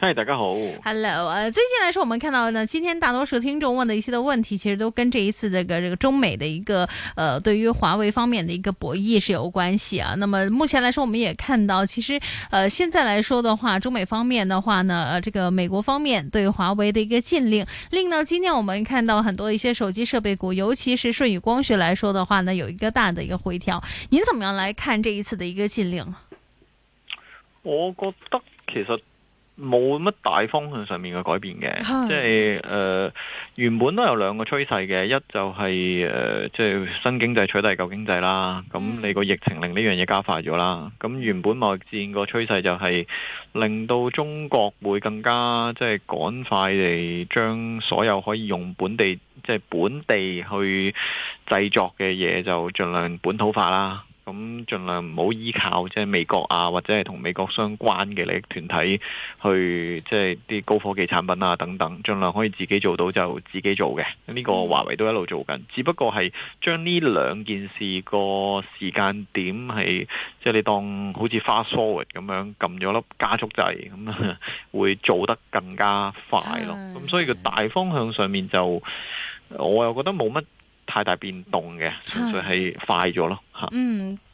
嗨，Hi，大家好，Hello，呃，最近來說，我們看到呢，今天大多數聽眾問的一些的問題，其實都跟這一次這個這個中美的一個，呃對於華為方面的一個博弈是有關係啊。那麼目前來說，我們也看到，其實，呃現在來說的話，中美方面的話呢，呃這個美國方面對華為的一個禁令，令到，今天我們看到很多一些手機設備股，尤其是舜宇光學來說的話呢，有一個大的一個回調。您怎麼樣來看這一次的一個禁令？我覺得其實。冇乜大方向上面嘅改變嘅， 即係誒、呃，原本都有兩個趨勢嘅，一就係、是、誒，即、呃、係、就是、新經濟取代舊經濟啦。咁你個疫情令呢樣嘢加快咗啦。咁原本貿易戰個趨勢就係令到中國會更加即係、就是、趕快地將所有可以用本地即係、就是、本地去製作嘅嘢就盡量本土化啦。咁儘量唔好依靠即係美國啊，或者係同美國相關嘅利益團體去即係啲高科技產品啊等等，儘量可以自己做到就自己做嘅。呢個華為都一路做緊，只不過係將呢兩件事個時間點係即係你當好似 fast forward 咁樣撳咗粒加速掣，咁 會做得更加快咯。咁所以個大方向上面就我又覺得冇乜。太大變動嘅，純粹係快咗咯吓嗯。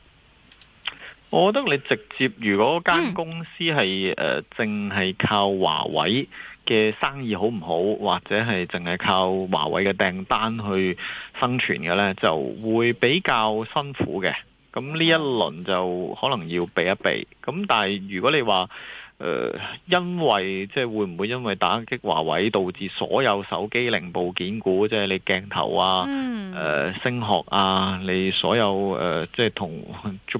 我覺得你直接，如果間公司係誒淨係靠華為嘅生意好唔好，或者係淨係靠華為嘅訂單去生存嘅呢，就會比較辛苦嘅。咁呢一輪就可能要避一避。咁但係如果你話，誒、呃，因為即係會唔會因為打擊華為導致所有手機零部件股，即係你鏡頭啊，誒、嗯、呃，聲學啊，你所有誒、呃，即係同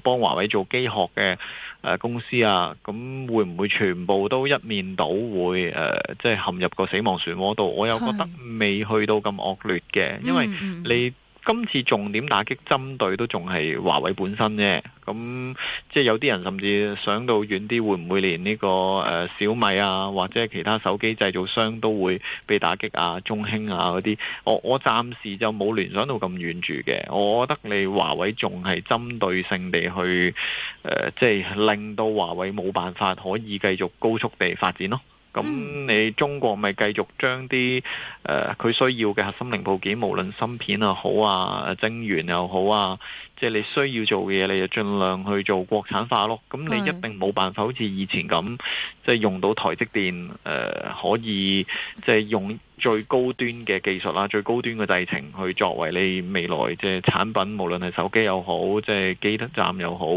幫華為做機殼嘅誒、呃、公司啊，咁會唔會全部都一面倒會誒、呃，即係陷入個死亡漩渦度？是 我又覺得未去到咁惡劣嘅，因為你。今次重點打擊針對都仲係華為本身啫，咁即係有啲人甚至想到遠啲，會唔會連呢個誒小米啊，或者其他手機製造商都會被打擊啊？中興啊嗰啲，我我暫時就冇聯想到咁遠住嘅。我覺得你華為仲係針對性地去、呃、即係令到華為冇辦法可以繼續高速地發展咯。咁你、嗯、中國咪繼續將啲誒佢需要嘅核心零部件，無論芯片又好啊，晶圓又好啊，即係你需要做嘅嘢，你就盡量去做國產化咯。咁你一定冇辦法好似以前咁，即係用到台積電誒、呃，可以即係用最高端嘅技術啦，最高端嘅製程去作為你未來即係產品，無論係手機又好，的即係基站又好，.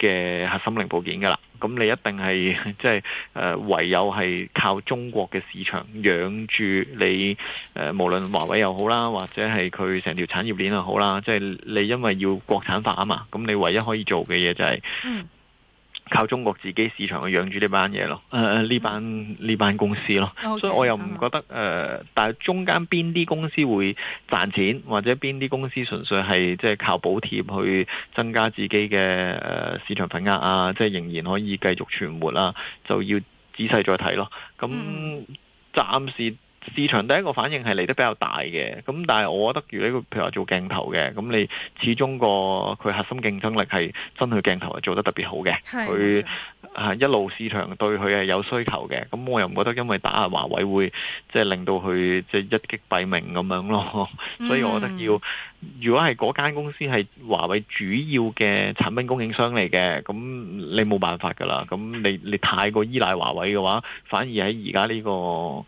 嘅核心零部件㗎啦，咁你一定係即係誒，唯有係靠中國嘅市場養住你誒，無論華為又好啦，或者係佢成條產業鏈又好啦，即係你因為要國產化啊嘛，咁你唯一可以做嘅嘢就係。嗯靠中國自己市場去養住呢班嘢咯，誒、呃、呢班呢班公司咯，Okay. 所以我又唔覺得誒、呃，但係中間邊啲公司會賺錢，或者邊啲公司純粹係即係靠補貼去增加自己嘅誒市場份額啊，即係仍然可以繼續存活啊，就要仔細再睇咯。咁、啊、暫時。市場第一個反應係嚟得比較大嘅，咁但係我覺得如果如，如呢個譬如話做鏡頭嘅，咁你始終個佢核心競爭力係真係鏡頭係做得特別好嘅，佢係的一路市場對佢係有需求嘅。咁我又唔覺得因為打下華為會即係令到佢即係一擊斃命咁樣咯，所以我覺得要。嗯如果係嗰間公司係華為主要嘅產品供應商嚟嘅，咁你冇辦法噶啦。咁你你太過依賴華為嘅話，反而喺而家呢個誒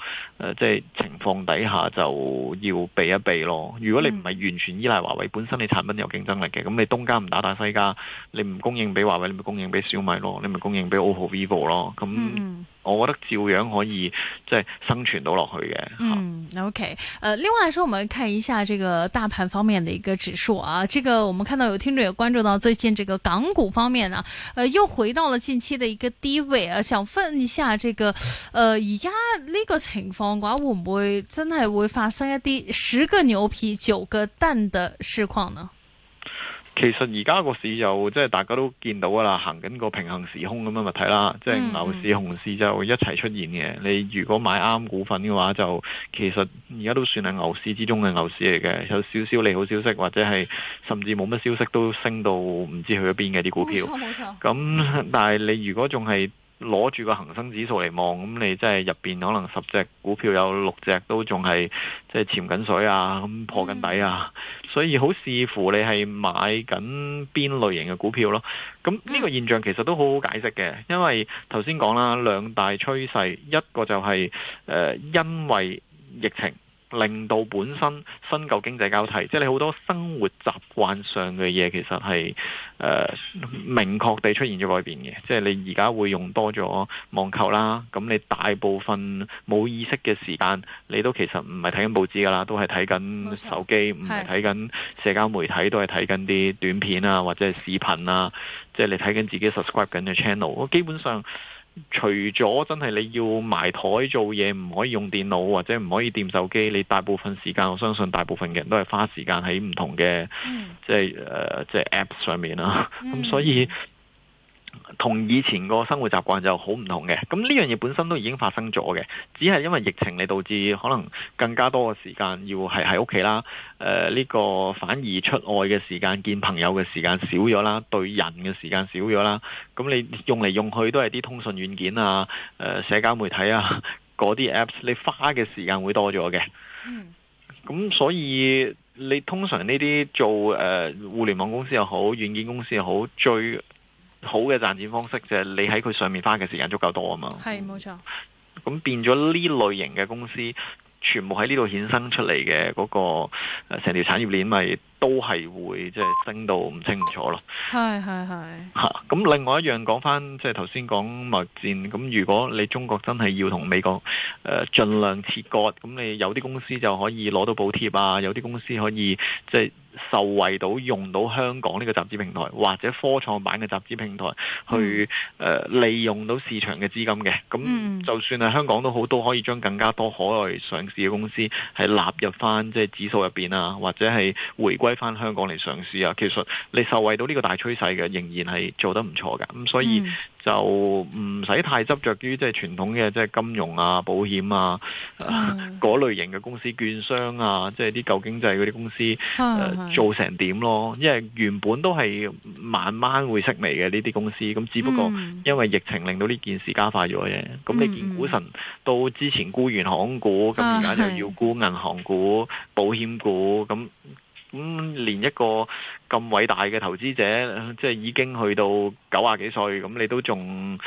即係情況底下就要避一避咯。如果你唔係完全依賴華為本身，你產品有競爭力嘅，咁你東家唔打打西家，你唔供應俾華為，你咪供應俾小米咯，你咪供應俾 OPPO、VIVO 咯，咁。嗯嗯我覺得照樣可以即係生存到落去嘅。嗯，OK，誒、呃，另外來說，我們看一下這個大盤方面的一個指數啊。這個我們看到有聽眾也關注到最近這個港股方面啊，誒、呃、又回到了近期的一個低位啊。想問一下，這個，誒而家呢個情況嘅話，會唔會真係會發生一啲十個牛皮九個蛋嘅事況呢？其實而家個市就即係大家都見到噶啦，行緊個平衡時空咁樣問題啦，即係、嗯、牛市、熊市就一齊出現嘅。你如果買啱股份嘅話，就其實而家都算係牛市之中嘅牛市嚟嘅，有少少利好消息或者係甚至冇乜消息都升到唔知去咗邊嘅啲股票。冇錯冇錯。咁但係你如果仲係。攞住個恒生指數嚟望，咁你即係入邊可能十隻股票有六隻都仲係即係潛緊水啊，咁破緊底啊，所以好視乎你係買緊邊類型嘅股票咯。咁呢個現象其實都好好解釋嘅，因為頭先講啦，兩大趨勢，一個就係、是、誒、呃、因為疫情。令到本身新舊經濟交替，即係你好多生活習慣上嘅嘢，其實係誒、呃、明確地出現咗改變嘅。即係你而家會用多咗網購啦，咁你大部分冇意識嘅時間，你都其實唔係睇緊報紙噶啦，都係睇緊手機，唔係睇緊社交媒體，的都係睇緊啲短片啊，或者係視頻啊，即係你睇緊自己 subscribe 緊嘅 channel。我基本上。除咗真係你要埋台做嘢，唔可以用電腦或者唔可以掂手機，你大部分時間我相信大部分嘅人都係花時間喺唔同嘅、 呃，即係誒即係 Apps 上面啦。咁、 嗯、所以。同以前個生活習慣就好唔同嘅。咁呢樣嘢本身都已經發生咗嘅，只係因為疫情，嚟導致可能更加多嘅時間要係喺屋企啦。誒、呃、呢、這個反而出外嘅時間見朋友嘅時間少咗啦，對人嘅時間少咗啦。咁你用嚟用去都係啲通訊軟件啊、誒、呃、社交媒體啊嗰啲 apps，你花嘅時間會多咗嘅。嗯，咁所以你通常呢啲做誒、呃、互聯網公司又好，軟件公司又好，最。好嘅賺錢方式就係你喺佢上面花嘅時間足夠多啊嘛，係，冇錯。咁變咗呢類型嘅公司，全部喺呢度衍生出嚟嘅嗰個成、呃、條產業鏈咪、就係。都係會，即係升到唔清楚咯。係係係吓，咁 另外一樣講翻，即係頭先講貿易戰，咁如果你中國真係要同美國誒盡、呃、量切割，咁你有啲公司就可以攞到補貼啊，有啲公司可以即係受惠到用到香港呢個集資平台，或者科創板嘅集資平台去誒、呃、利用到市場嘅資金嘅。咁就算係香港都好，都可以將更加多海外上市嘅公司係納入翻即係指數入邊啊，或者係回歸。翻香港嚟上市啊！其實你受惠到呢個大趨勢嘅，仍然係做得唔錯嘅。咁所以就唔使太執着於即係傳統嘅即係金融啊、保險啊嗰、啊 uh, 類型嘅公司、券商啊，即係啲舊經濟嗰啲公司、啊、做成點咯？因為原本都係慢慢會式微嘅呢啲公司，咁只不過因為疫情令到呢件事加快咗啫。咁、uh, 你見股神都之前沽完航空股，咁而家就要沽銀行股、保險股咁。咁、嗯、連一個咁偉大嘅投資者，即係已經去到九啊幾歲，咁你都仲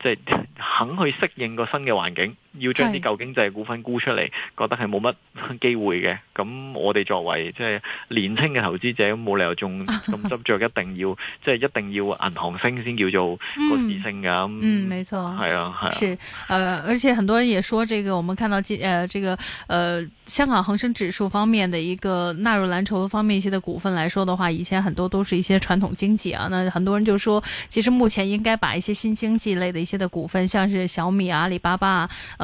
即係肯去適應個新嘅環境。要將啲舊經濟股份沽出嚟，是覺得係冇乜機會嘅。咁我哋作為即係、就是、年輕嘅投資者，冇理由仲咁執着，一定要 即係一定要銀行升先叫做個市升㗎。嗯，冇錯，係啊，係啊。是，呃，而且很多人也說，這個我們看到今，呃，這個，呃，香港恒生指數方面的一個納入藍籌方面一些的股份來說的話，以前很多都是一些傳統經濟啊。那很多人就說，其實目前應該把一些新經濟類，類的一些的股份，像是小米、阿里巴巴啊。啊啊啊啊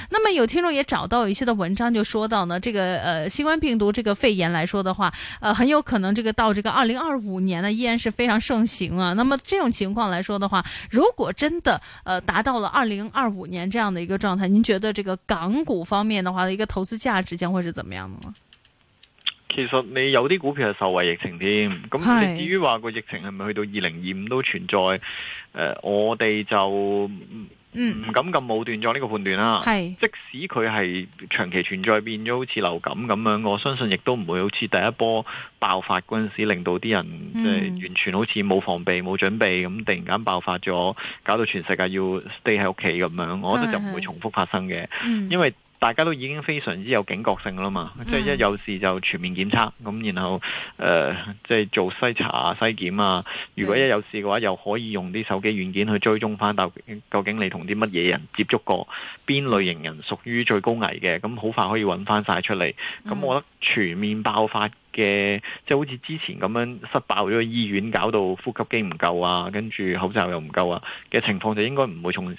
那麼有聽眾也找到一些的文章，就說到呢，這個呃，新冠病毒這個肺炎來說的話，呃，很有可能這個到這個二零二五年呢依然是非常盛行啊。那麼這種情況來說的話，如果真的呃達到了二零二五年這樣的一個狀態，您覺得這個港股方面的話的一個投資價值將會是怎麼樣的嗎？其實你有啲股票係受惠疫情添，咁你至於話個疫情係咪去到二零二五都存在，呃，我哋就。嗯，唔敢咁武斷咗呢個判斷啦。係，即使佢係長期存在變咗好似流感咁樣，我相信亦都唔會好似第一波爆發嗰陣時，令到啲人即係完全好似冇防備、冇準備咁，突然間爆發咗，搞到全世界要 stay 喺屋企咁樣，我覺得就唔會重複發生嘅。是是因為大家都已經非常之有警覺性啦嘛，嗯、即係一有事就全面檢測，咁然後誒、呃、即係做篩查、篩檢啊。如果一有事嘅話，又可以用啲手機軟件去追蹤翻，究竟你同啲乜嘢人接觸過，邊類型人屬於最高危嘅，咁好快可以揾翻晒出嚟。咁、嗯、我覺得全面爆發嘅，即係好似之前咁樣失爆咗醫院，搞到呼吸機唔夠啊，跟住口罩又唔夠啊嘅情況，就應該唔會重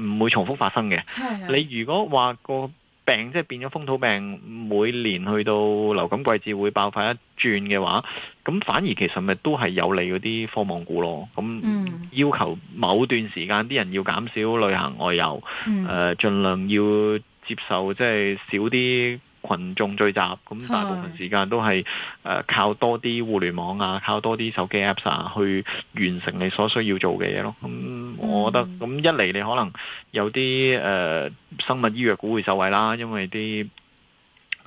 唔會重複發生嘅。的你如果話個病即係變咗風土病，每年去到流感季節會爆發一轉嘅話，咁反而其實咪都係有利嗰啲科網股咯。咁、嗯、要求某段時間啲人要減少旅行外遊，誒、嗯，呃、盡量要接受即係少啲群眾聚集，咁大部分時間都係誒、呃、靠多啲互聯網啊，靠多啲手機 apps 啊去完成你所需要做嘅嘢咯。咁我覺得咁一嚟你可能有啲誒、呃、生物醫藥股會受惠啦，因為啲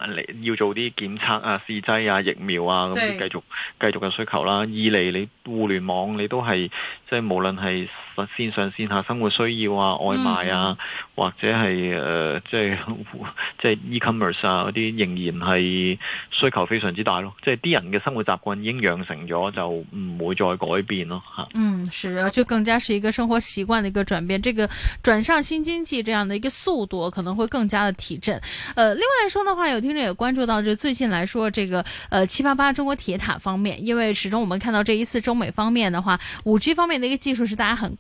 你、啊、要做啲檢測啊、試劑啊、疫苗啊，咁繼對 續繼續嘅需求啦。二嚟你互聯網你都係即係無論係。或線上線下生活需要啊，外賣啊，或者係誒、呃、即係即係 e-commerce 啊嗰啲仍然係需求非常之大咯，即係啲人嘅生活習慣已經養成咗，就唔會再改變咯嚇。嗯，是啊，就更加是一個生活習慣嘅一個轉變。這個轉上新經濟這樣的，一個速度可能會更加的提振。誒、呃，另外來說嘅話，有聽眾也關注到，就最近來說，這個誒、呃、七八八中國鐵塔方面，因為始終我們看到這一次中美方面嘅話，五 G 方面嘅一個技術是大家很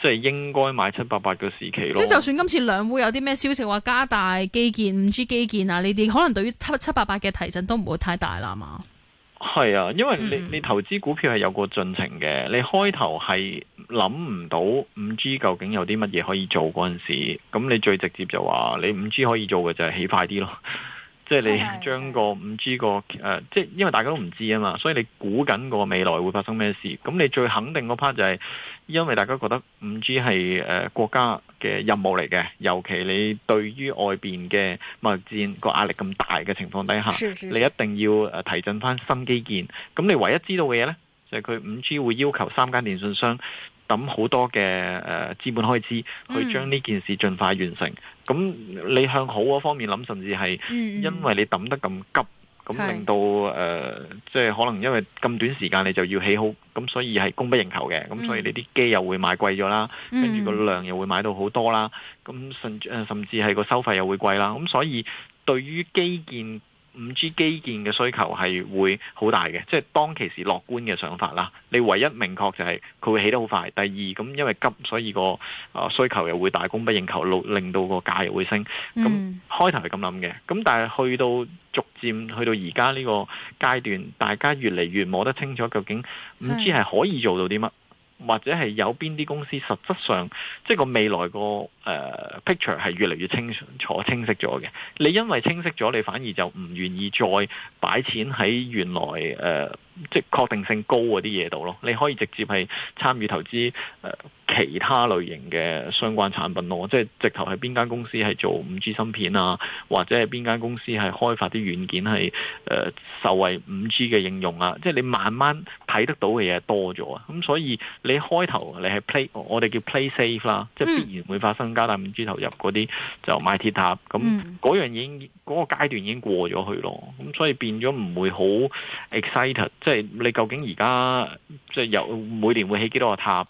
即係應該買七八八嘅時期咯。即就算今次兩會有啲咩消息話加大基建、五 G 基建啊呢啲，可能對於七八八嘅提振都唔會太大啦嘛。係啊，因為你、嗯、你投資股票係有個進程嘅，你開頭係諗唔到五 G 究竟有啲乜嘢可以做嗰陣時，咁你最直接就話你五 G 可以做嘅就係起快啲咯。即係你將個五 G 個誒、呃，即係因為大家都唔知啊嘛，所以你估緊個未來會發生咩事？咁你最肯定嗰 part 就係，因為大家覺得五 G 係誒、呃、國家嘅任務嚟嘅，尤其你對於外邊嘅貿易戰個壓力咁大嘅情況底下，是是是你一定要誒提振翻新基建。咁你唯一知道嘅嘢呢，就係佢五 G 會要求三間電信商。抌好多嘅誒、呃、資本開支去將呢件事盡快完成，咁、嗯、你向好嗰方面諗，甚至係因為你抌得咁急，咁、嗯、令到誒、呃，即係可能因為咁短時間你就要起好，咁所以係供不應求嘅，咁所以你啲機又會買貴咗啦，跟住個量又會買到好多啦，咁甚甚至係、呃、個收費又會貴啦，咁所以對於基建，五 G 基建嘅需求係會好大嘅，即係當其時樂觀嘅想法啦。你唯一明確就係佢會起得好快。第二咁，因為急，所以個誒、呃、需求又會大，供不應求，令到個價又會升。咁、嗯、開頭係咁諗嘅，咁但係去到逐漸去到而家呢個階段，大家越嚟越摸得清楚，究竟五 G 係可以做到啲乜？嗯 或者係有邊啲公司，實質上即係個未來個誒、呃、picture 係越嚟越清楚、清晰咗嘅。你因為清晰咗，你反而就唔願意再擺錢喺原來誒、呃即係確定性高嗰啲嘢度咯，你可以直接係參與投資誒、呃、其他類型嘅相關產品咯，即係直頭係邊間公司係做五 G 芯片啊，或者係邊間公司係開發啲軟件係誒、呃、受惠五 G 嘅應用啊，即係你慢慢睇得到嘅嘢多咗啊，咁、嗯、所以你開頭你係 play 我哋叫 play safe 啦，即係必然會發生加大五 G 投入嗰啲就買鐵塔，咁、嗯、嗰、嗯、樣嘢嗰、嗰個階段已經過咗去咯，咁所以變咗唔會好 excited。即係你究竟而家即係有每年會起幾多個塔？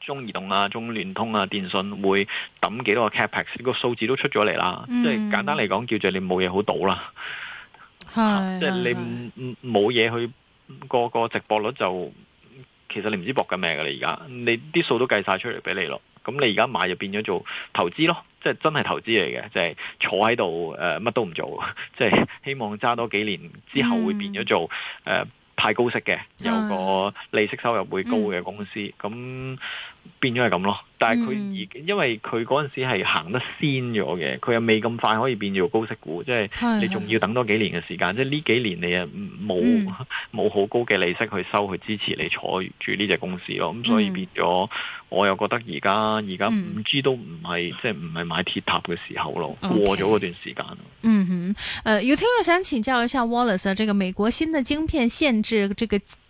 中移動啊、中聯通啊、電信會抌幾多個 capex？個數字都出咗嚟啦。嗯，即係簡單嚟講，叫做你冇嘢好賭啦。是即係你冇嘢去個個直播率就其實你唔知搏緊咩嘅。你而家你啲數都計晒出嚟俾你，你咯。咁你而家買就變咗做投資咯。即係真係投資嚟嘅，即係坐喺度誒乜都唔做，即係希望揸多幾年之後會變咗做誒派高息嘅，有個利息收入會高嘅公司咁。嗯嗯變咗係咁咯，但係佢而因為佢嗰陣時係行得先咗嘅，佢又未咁快可以變做高息股，即係你仲要等多幾年嘅時間， 即係呢幾年你啊冇冇好高嘅利息去收去支持你坐住呢隻公司咯，咁所以變咗我又覺得而家而家五 G 都唔係 即係唔係買鐵塔嘅時候咯，過咗嗰段時間。Okay. 嗯哼，誒、呃，有聽眾想請教一下 Wallace，啊，呢、這個美國新嘅晶片限制，這個。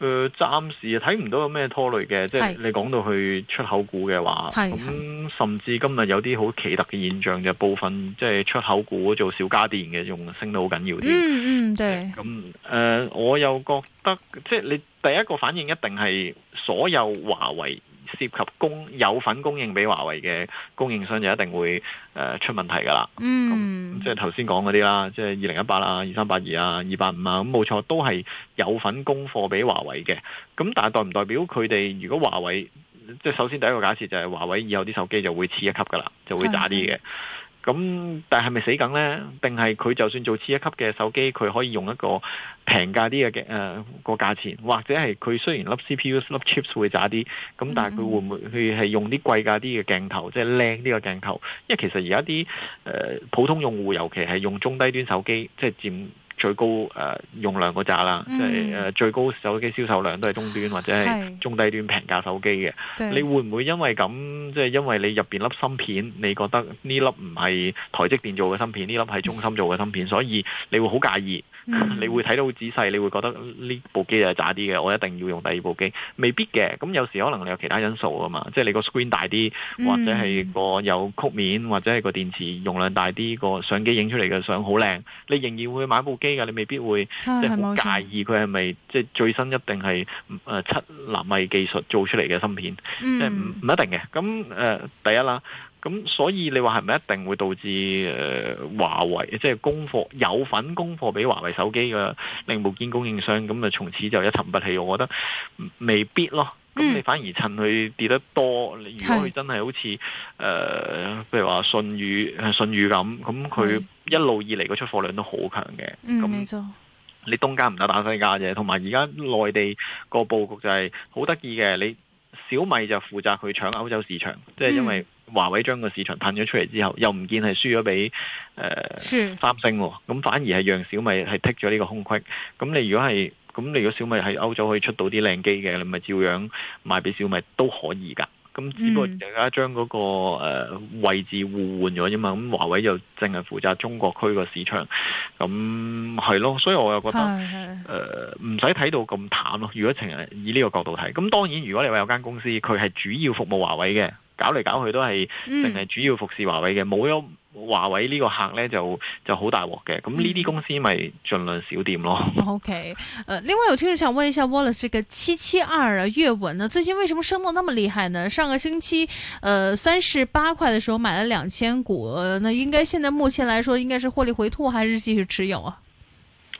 誒暫時睇唔到有咩拖累嘅，即係你講到去出口股嘅話，咁是甚至今日有啲好奇特嘅現象就是，部分，即係出口股做小家電嘅，仲升得好緊要啲。嗯嗯，對。咁誒、嗯呃，我又覺得即係你第一個反應一定係所有華為。涉及供有份供應俾華為嘅供應商，就一定會誒、呃、出問題㗎啦、mm. 嗯啊啊啊。嗯，即係頭先講嗰啲啦，即係二零一八啦、二三八二啊、二八五啊，咁冇錯都係有份供貨俾華為嘅。咁但係代唔代表佢哋？如果華為，即係首先第一個假設就係華為以後啲手機就會次一級㗎啦，就會渣啲嘅。Mm. 咁但係係咪死梗呢？定係佢就算做次一級嘅手機，佢可以用一個平價啲嘅誒個價錢，或者係佢雖然粒 CPU、粒 chips 會渣啲，咁但係佢會唔會佢係用啲貴價啲嘅鏡頭，即係靚呢個鏡頭？因為其實而家啲誒普通用戶，尤其係用中低端手機，即係佔。最高誒用量嗰扎啦，即係誒最高手機銷售量都係中端或者係中低端平價手機嘅。你會唔會因為咁，即係因為你入邊粒芯片，你覺得呢粒唔係台積電做嘅芯片，呢粒係中芯做嘅芯片，所以你會好介意？嗯、你會睇到好仔細，你會覺得呢部機就係渣啲嘅，我一定要用第二部機。未必嘅，咁有時可能你有其他因素啊嘛，即係你個 screen 大啲，或者係個有曲面，或者係個電池容量大啲，個相機影出嚟嘅相好靚，你仍然會買部機㗎，你未必會、啊、即係好介意佢係咪即係最新一定係誒七納米技術做出嚟嘅芯片，嗯、即係唔唔一定嘅。咁誒、呃，第一啦。咁所以你話係咪一定會導致誒華、呃、為，即係、就是、供貨，有份供貨俾華為手機嘅零部件供應商，咁啊從此就一沉不起？我覺得未必咯。咁你反而趁佢跌得多，你、嗯、如果佢真係好似誒、呃，譬如話舜宇、舜宇咁，咁佢一路以嚟個出貨量都好強嘅。咁你東家唔得打西家啫，同埋而家內地個布局就係好得意嘅。你小米就負責去搶歐洲市場，即、就、係、是、因為、嗯。華為將個市場噴咗出嚟之後，又唔見係輸咗俾誒三星喎，咁反而係讓小米係剔咗呢個空隙。咁你如果係，咁你如果小米喺歐洲可以出到啲靚機嘅，你咪照樣賣俾小米都可以㗎。咁只不過大家將嗰，那個、嗯呃、位置互換咗啫嘛。咁、嗯、華為就淨係負責中國區個市場，咁係咯。所以我又覺得誒唔使睇到咁淡咯。如果成日以呢個角度睇，咁當然如果你話有間公司佢係主要服務華為嘅。搞嚟搞去都係淨係主要服侍華為嘅，冇咗華為呢個客咧就就好大鑊嘅。咁呢啲公司咪儘量少掂咯。OK，誒、呃，另外有聽者想問一下 Wallace，這個七七二啊，閱文呢、啊，最近為什麼升到那麼厲害呢？上個星期，誒三十八塊嘅時候買了兩千股，那應該現在目前來說應該是獲利回吐，還是繼續持有啊？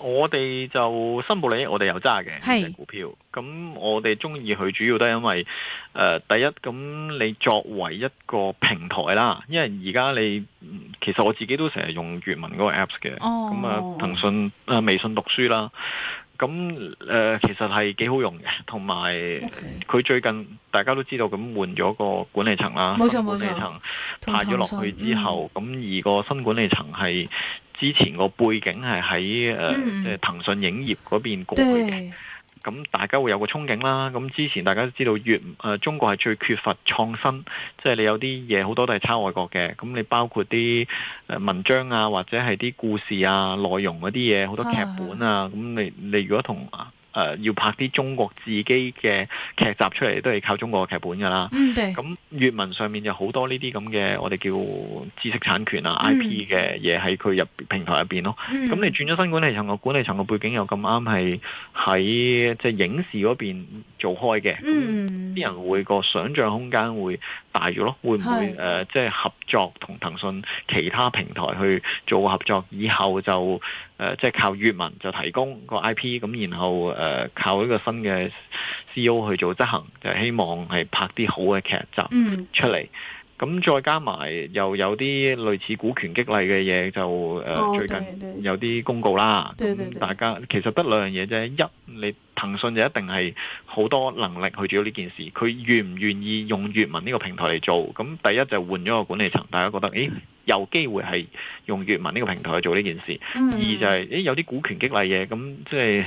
我哋就申報利益，我哋有揸嘅係，股票是。咁我哋中意佢主要都係因為，誒、呃，第一咁你作為一個平台啦，因為而家你其實我自己都成日用閲文嗰個 Apps 嘅。咁啊、哦嗯，騰訊啊、呃，微信讀書啦。咁、嗯、誒、呃，其實係幾好用嘅。同埋佢最近大家都知道咁換咗個管理層啦。冇錯冇錯管理層派咗落去之後，咁、嗯、而個新管理層係。之前個背景係喺誒，即係、嗯呃、騰訊影業嗰邊過去嘅，咁對大家會有個憧憬啦。咁之前大家都知道越，越、呃、誒中國係最缺乏創新，即係你有啲嘢好多都係抄外國嘅。咁你包括啲誒、呃、文章啊，或者係啲故事啊、內容嗰啲嘢，好多劇本啊。咁 你你如果同啊？誒、呃，要拍啲中國自己嘅劇集出嚟，都係靠中國嘅劇本噶啦。咁、嗯、粵文上面有好多呢啲咁嘅，我哋叫知識產權啊、IP 嘅嘢喺佢入平台入邊咯。咁、嗯、你轉咗新管理層嘅管理層嘅背景又咁啱，係喺即係影視嗰邊做開嘅，啲、嗯、人會個想象空間會大咗咯。會唔會誒是、呃，即係合作同騰訊其他平台去做合作？以後就？誒，即係、呃就是，靠粵文就提供個 IP，咁然後誒、呃、靠一個新嘅 C O 去做執行，就是、希望係拍啲好嘅劇集出嚟。嗯咁再加埋又有啲類似股權激勵嘅嘢就誒、哦、最近有啲公告啦，對對對對對，大家其實得兩樣嘢啫，一你騰訊就一定係好多能力去做呢件事，佢願唔願意用閱文呢個平台嚟做，咁第一就換咗個管理層，大家覺得誒有機會係用閱文呢個平台去做呢件事，嗯、二就係、是、誒有啲股權激勵嘢，咁即係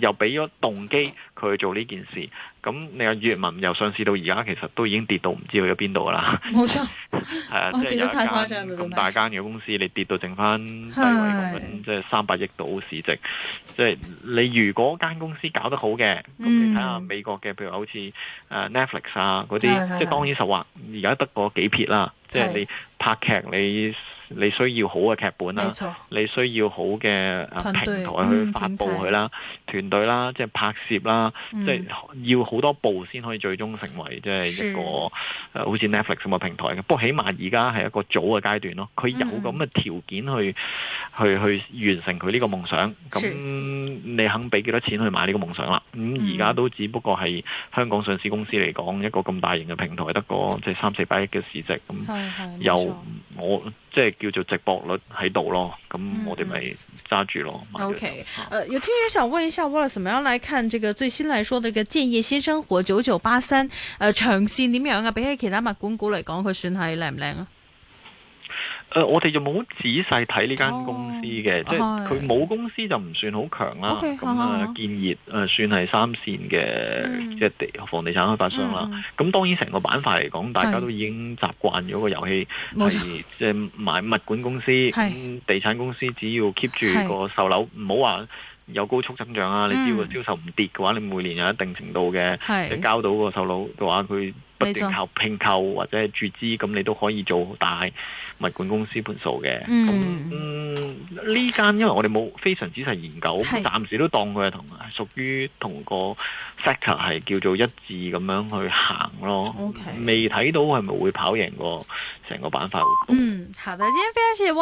又俾咗動機。去做呢件事，咁你阿閱文由上市到而家，其實都已經跌到唔知去咗邊度啦。冇錯錯，係啊、 呃，即係有一家咁大間嘅公司，你跌到剩翻低位的即係三百億到市值。即係你如果間公司搞得好嘅，咁、嗯、你睇下美國嘅，譬如好似誒 Netflix 啊、嗰啲，是的是的即係當然實話，而家得個幾撇啦。的即係你拍劇，你你需要好嘅劇本啦，你需要好嘅錯平台去發布佢啦，團隊、嗯、啦，即係拍攝啦。即係、嗯、要好多步先可以最終成為即係一個、嗯呃、好似 Netflix 咁嘅平台嘅，不過起碼而家係一個早嘅階段咯。佢有咁嘅條件去、嗯、去去完成佢呢個夢想，咁你肯俾幾多錢去買呢個夢想啦？咁而家都只不過係香港上市公司嚟講一個咁大型嘅平台，得個即係三四百億嘅市值咁，有我。即係叫做直播率喺度咯，咁我哋咪揸住咯。OK，誒有聽友想問一下，Wall， 怎麼樣來看這個最新來說，這個建業新生活九九八三，誒長線點樣啊？比起其他物管股嚟講，佢算係靚唔靚啊？誒、呃，我哋就冇仔細睇呢間公司嘅，oh, 即係佢冇公司就唔算好強啦。咁啊 Okay,、嗯，建業誒，算係三綫嘅，即係地房地產開發商啦。咁、嗯、當然成個板塊嚟講，大家都已經習慣咗個遊戲係即係買物管公司、錯地產公司，只要 keep 住個售樓，唔好話有高速增長啊。嗯、你只要銷售唔跌嘅話，你每年有一定程度嘅交到個售樓嘅話，佢。定向拼購或者係注資，咁你都可以做大物管公司盤數嘅。咁呢間因為我哋冇非常仔細研究，是暫時都當佢係同屬於同個 sector 係叫做一致咁樣去行咯。未睇 Okay 到係咪會跑贏個成個板塊？嗯，好，大家先飛一次。